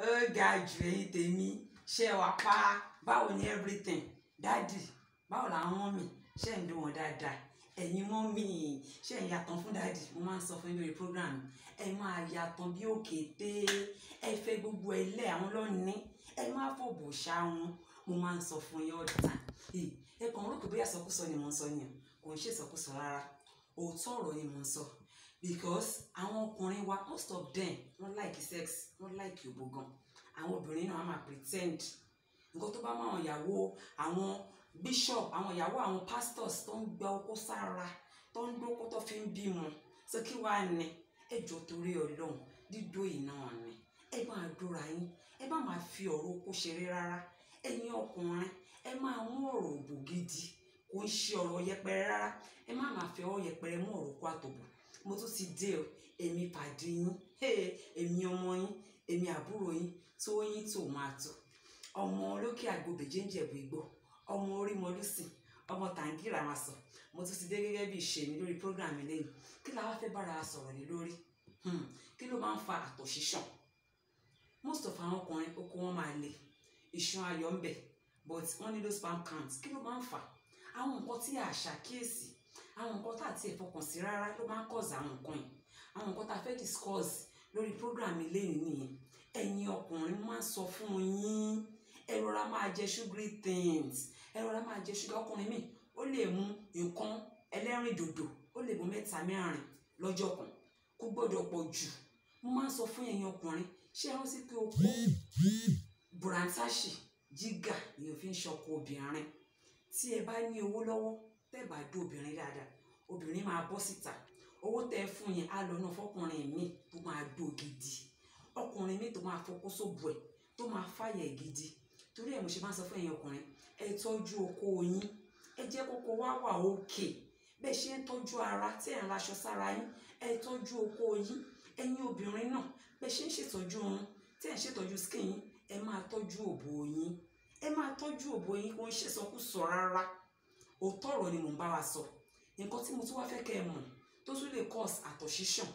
Oh ga jù ẹ̀yin tèmi ṣe wà pa báwo ni everything dáàdì báwo làwọn mi ṣe ń dùn wọn dáadáa ẹ̀yin mọ́ mi ṣe ń yàtọ̀ fún dáàdì mo máa ń sọ fún yín program ẹ máa yàtọ̀ bí òkété ẹ fẹ́ gbogbo ẹ lẹ́ àwọn lọ́ní ẹ máa fòbò ṣá wọn mo máa ń sọ fún yín ọ̀dà ẹ kàn ń rò pé bóyá sọkúsọ ni mo ń sọ yẹn kò ń ṣèsọkúsọ rárá òótọ́ ọ̀rọ̀ ni mo ń sọ because àwọn ọkùnrin wa most of them wọ́n like sex wọ́n like òbò gan àwọn obìnrin náà á máa pretend nǹkan tó bá mọ àwọn ìyàwó àwọn bishop àwọn ìyàwó àwọn pastors tó ń gba okó sára tó ń dókó tó fi ń bímọ ṣé kí wàá ní ẹjọ́ torí Ọlọ́run dídó iná ni ẹ máa dóra yín ẹ bá máa fi ọ̀rọ̀ okó ṣeré rárá ẹ̀yin ọkùnrin ẹ máa mú ọ̀rọ̀ òbò gidi kò ń ṣe ọ̀rọ̀ yẹpẹrẹ rárá ẹ má máa fi ọwọ́ yẹpẹrẹ mú ọ̀rọ̀ okó àtòbò mo tún ti dé o èmi pàdé yín èmi ọmọ yín èmi àbúrò yín Tóyìn Tòmátò ọmọ olókè àgbòbèjé ń jẹ̀bù igbó ọmọ orí mọlúsì ọmọ tàǹgìrà máa sọ mo tún ti dé gẹ́gẹ́ bí ìṣe mi lórí program lẹ́yìn kí la wá fẹ́ bára sọ̀rọ̀ ní lórí hmm, kí ló máa ń fa àtọ̀ ṣíṣàn most of àwọn ọkùnrin oko wọn máa le ìṣan ayọ̀ ń bẹ but wọ́n ní those palm counts kí ló máa ń fà àwọn nǹkan tí a ṣàkíyèsí àwọn nǹkan tá ti ìfọkàn sí rárá ló máa ń kọ̀ọ̀sì àwọn nǹkan yìí àwọn nǹkan tá a fẹ́ discuss lórí program eléyìí nìyẹn ẹ̀yin ọkùnrin máa ń sọ fún yín ẹ rọra máa jẹ sugary things ẹ rọra máa jẹ sugar ọkùnrin míì ó lè mu nǹkan ẹlẹ́rìn dòdò ó lè mu mẹ́ta mẹ́rin lọ́jọ́ kan kò gbọ́dọ̀ pọ̀ jù mo máa ń sọ fún ẹ̀yin ọkùnrin ṣé ẹ rántí pé okó bùràǹtàṣì jígà lèèyàn fi ṣọkọ obìnrin tí ẹ bá ní owó lọ́wọ́ tẹ́ bá dé obìnrin dáadáa obìnrin máa bọ́ síta owó tẹ́ fún yẹn á lọ náà fọkùnrin mi tó máa dó gidi ọkùnrin mi tó máa fọkó sóbù ẹ̀ tó máa fàyè gidi torí ẹ̀ mo ṣe máa ń sọ fún ẹ̀yin ọkùnrin ẹ tọ́jú oko yín ẹ jẹ́ kókó wá wà òkè bẹ́ẹ̀ ṣe ń tọ́jú ara tí ẹ̀ ń raṣọ sára yín ẹ tọ́jú oko yín ẹ̀yin obìnrin náà bẹ́ẹ̀ ṣe ń ṣètọ́jú oorun tí ẹ̀ ń ṣètọ́jú skin yín ẹ máa tọ́jú òbò yín ẹ máa tọ́jú òbò yín kó ń ṣèsọkúsọ rárá òótọ́ ọ̀rọ̀ ni mò ń bá wa sọ nǹkan tí mo tún wá fẹ́ kẹ́ ẹ mọ̀ tó tún lè cause àtọ̀ṣíṣàn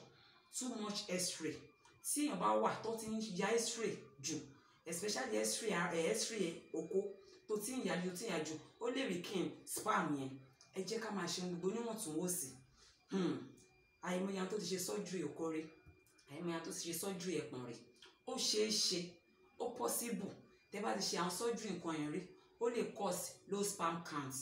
too much x-ray tí èèyàn bá wà tó ti ń ya x-ray jù especially x-ray eh, x-ray oko tó ti ń yà jù ti ń yà jù ó lè rí kí n spam yẹn ẹ jẹ́ ká máa ṣe gbogbo níwọ̀ntúnwọ̀nsì hmm. àìmọye àwọn tó ti ṣe sọ́jú èkó rí àìmọye àwọn tó ti ṣe sọ́jú ẹ̀pọ̀n rí ó ṣeé ṣe ó possible tẹ́ bá ti ṣe àwọn sọ́jú nǹkan yẹn rí ó lè cause low spam count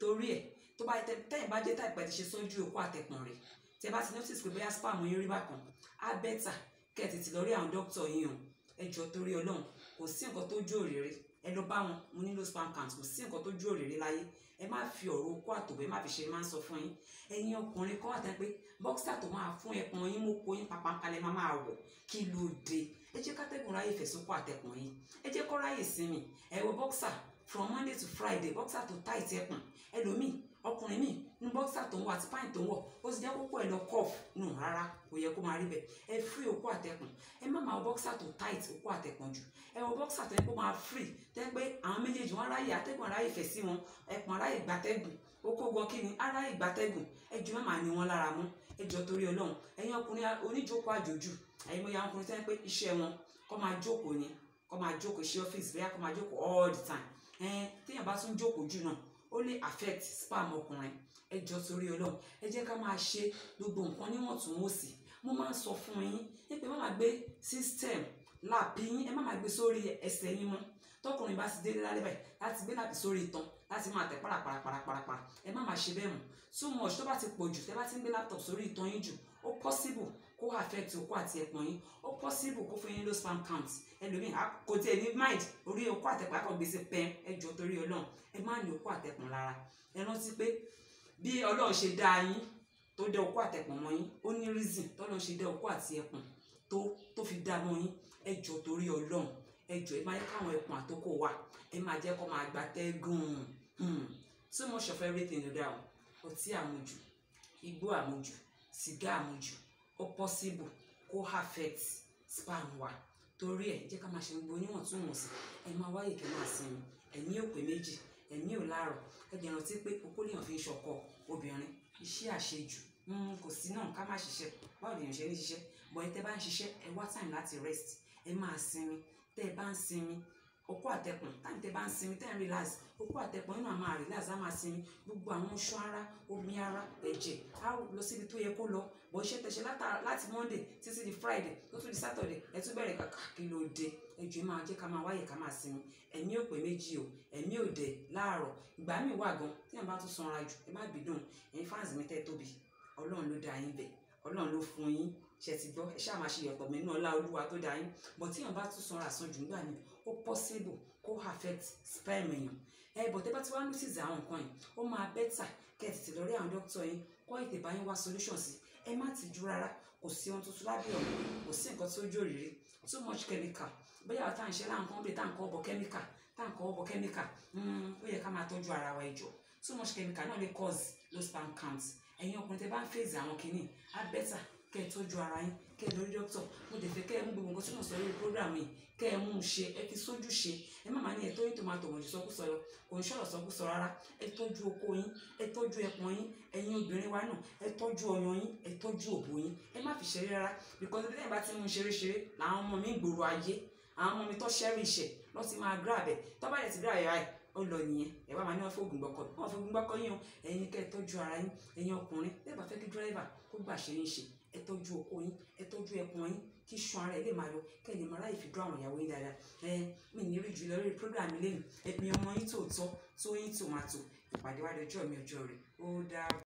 torí ẹ̀ tó bá tẹ́yìn bá jẹ́ táì pẹ́ ti ṣe sójú òkú àtẹ̀pọ̀n rẹ̀ tẹ́ bá ti notice pé bóyá spam yín rí bákan á bẹ́tà kẹ́ ẹ̀ tètè lọ rí àwọn dókítà yín o ẹ jọ torí ọlọ́run kò sí nǹkan tó jó òrèrè ẹ lọ bá wọn mo nílò spam count kò sí nǹkan tó jó òrèrè láyé ẹ má fi ọ̀rọ̀ okó àtòbẹ́ má fi ṣe má ń sọ fún yín ẹ̀yin ọkùnrin kọ́ àtẹ pé bọ́ksà tó máa fún ẹpọn yín mú kó yín papankalẹ̀ má máa wọ̀ kí ló dé ẹ jẹ́ kátẹ́gùn ráyè fẹ̀sùn kó àtẹkùn yín ẹ jẹ́ kó ráyè sinmi ẹ wọ bọ́ksà from monday to friday boxer tó tá ìtì ẹpọ̀n ẹlòmíì ọkùnrin míì ní boxer tó ń wọ àti pint tó ń wọ ó ti jẹ́ kókó ẹ̀ lọ cough nù rárá kò yẹ kó máa rí bẹ́ẹ̀ ẹ free òkú àtẹ̀pọ̀n ẹ má máa boxer tó tight òkú àtẹ̀pọ̀n jù ẹ wọ boxer tó yẹ kó máa free tẹ́ pé àwọn méjèèjì wọn ráyè atẹ́gùn aráyè fẹ̀ sí wọn ẹ̀pọ̀n aráyè gbàtẹ́gùn okógọ kíni aráyè gbàtẹ́gùn ẹ jù má máa ní wọn lára mú ẹ jọ torí ọlọ́run ẹ̀yin ọkùnrin oníjókòó àjòjù ẹ̀yin mo ya ọkùnrin tẹ́ pé iṣẹ́ wọn kọ́ máa jókòó ni kọ́ máa jókòó sí ọ́fíìsì bẹ́ẹ̀ kọ́ máa all the time téèyàn bá tún jókòó jù náà ó lè affect sperm ọkùnrin ẹ jọ torí Ọlọ́run ẹ jẹ́ ká máa ṣe gbogbo nǹkan níwọ̀ntúnwọ̀nsì mo máa ń sọ fún yín nípa má máa gbé system láàpì yín ẹ má máa gbé sórí ẹsẹ̀ yín mọ́ tọkùnrin bá ti délé lálẹ́ báyìí láti gbé láàpì sórí itan láti máa tẹ̀ pàràpàràpàràpàrà ẹ má máa ṣe bẹ́ẹ̀ mọ́ so much tó bá ti pọ̀ jù tẹ́ bá ti ń gbé laptop sórí itan yín jù ó possible kó affect okó àti ẹpọ̀n yín ó possible kó fún yín low sperm count ẹlòmíì kò tiẹ̀ ní mind orí okó àtẹ̀pọ̀n akọ̀ gbèsè pẹ́ ẹjọ́ torí ọlọ́run ẹ má ní okó àtẹ̀pọ̀n lára ẹ rántí pé bí ọlọ́run ṣe dá yín tó dá okó àtẹ̀pọ̀n mọ́ yín ó ní reason tọ́lọ́run ṣe dá okó àti ẹpọ̀n tó tó fi dá mọ́ yín ẹjọ́ torí ọlọ́run ẹjọ́ ẹ má yẹ káwọn ẹpọ̀n àtòkò wà ẹ má jẹ́ kó máa gbatẹ́gùn hmm. too much of everything ló dá o ọtí àmujù igbó àmujù sìgá àmujù ó possible kó affect sperm wa torí ẹ̀ jẹ́ ká máa ṣe gbogbo níwọ̀ntúnwọ̀nsì ẹ máa wáyè kẹ́ máa sinmi ẹ̀yin ò pé méjì ẹ̀yin ò láàrọ̀ ẹ̀jẹ̀ rántí pé okó lèèyàn fi ń ṣọkọ obìnrin iṣẹ́ àṣejù hmm, kò sí náà ká má ṣiṣẹ́ báwo lèèyàn ṣe ń ṣiṣẹ́ bọ̀ ẹ tẹ́ bá ń ṣiṣẹ́ ẹ wá time láti rest ẹ máa sinmi tẹ́ ẹ bá ń sinmi okó àtẹkùn táyì tẹ bá ń sinmi tẹ́ ń relax okó àtẹkùn nínú àmà relax á máa sinmi gbogbo àwọn iṣan ara omi ara ẹ̀jẹ̀ á lọ síbi tó yẹ kó lọ bọ̀ iṣẹ́ tẹ̀ṣẹ̀ láti monday títí di friday tó tún di saturday ẹ tún bẹ̀rẹ̀ kàkà kí ló dé ẹjọ́ máa jẹ́ ká máa wáyè ká máa sinmi ẹ̀mí ò pé méjì o ẹ̀mí ò dẹ̀ láàárọ̀ ìgbà mi wà gan tí ẹ̀ bá tún sanra jù ẹ má bínú ẹ̀yin fáǹsì mi tẹ́ tóbi ọlọ́run ló dá yín bẹ̀ ọlọ́run ló fún yín ṣe ti gbọ́ ẹ ṣáà máa ṣe yọ̀pọ̀ mẹ́nu ọlá olúwa tó dá yín bọ̀ tí bá tún sanra sàn jù nígbà ó possible kó affect sperm èèyàn ẹ bọ̀ tẹ́ bá ti wá notice àwọn nǹkan yìí ó máa better kẹ́ ẹ tètè lọ rí àwọn dókítà yín kó ètè bá yín wá solution sí ẹ má ti dúró rárá kò sí ohun tuntun lábẹ́ ọ̀rọ̀ kò sí nǹkan tí jó rèé too much chemical bóyá àwọn táwọn ìṣẹ́ láwọn kan bíi táwọn kan ọ̀bọ̀ chemical táwọn kan ọ̀bọ̀ chemical hmm, ó yẹ ká máa tọ́jú ara wa ìjọ too much chemical náà lè cause low sperm count ẹ̀yin ọkùnrin tẹ́ bá ń fèsì àwọn kìíní á better kẹ́ ẹ tọ́jú ara yín kẹ́ ẹ lórí dókítà mo dẹ̀ fẹ́ kẹ́ ẹ mú gbogbo nǹkan tí mo sọ lórí program yìí kẹ́ ẹ mú un ṣe ẹ fi sójú ṣe ẹ má máa ní ẹ tó yín tòmátò wọ̀nyí sọkúsọ yọ kò ń ṣọ̀rọ̀ sọkúsọ rárá ẹ tọ́jú oko yín ẹ tọ́jú ẹpọ̀n yín ẹ̀yin obìnrin wa náà ẹ tọ́jú ọyàn yín ẹ tọ́jú òbò yín ẹ má fi ṣeré rárá because bí ẹ bá ti mú un ṣeré ṣeré làwọn ọmọ mi gbòòrò ayé àwọn ọmọ mi tó ṣẹ́rí ìṣẹ̀ lọ́ ti máa gírà bẹ̀ tó bá yẹ ti gírà yàrá yìí ó lọ nìyẹn ẹ wá máa ní wọn fóògùn gbọkọ wọn fóògùn gbọkọ yín o ẹ̀yin kẹ́ tọ́jú ara yín ẹ̀yin ọkùnrin bẹ́ẹ̀ bá fẹ́ kí dírẹ́fà kó gbà ṣe ń ṣe ẹ tọ́jú oko yín ẹ tọ́jú ẹpọ̀n yín kí ṣan ara ẹ lè máa yọ kẹ́ ẹ lè máa ráyè fi dún àwọn ìyàwó yín dáadáa ẹ mi ní rí jùlọ lórí program lẹ́yìn ẹ̀mí ọmọ yín tòótọ́ Tóyìn Tòmátò ìpàdé wa dọjọ́ mi ọjọ́ rẹ̀ ó dáa.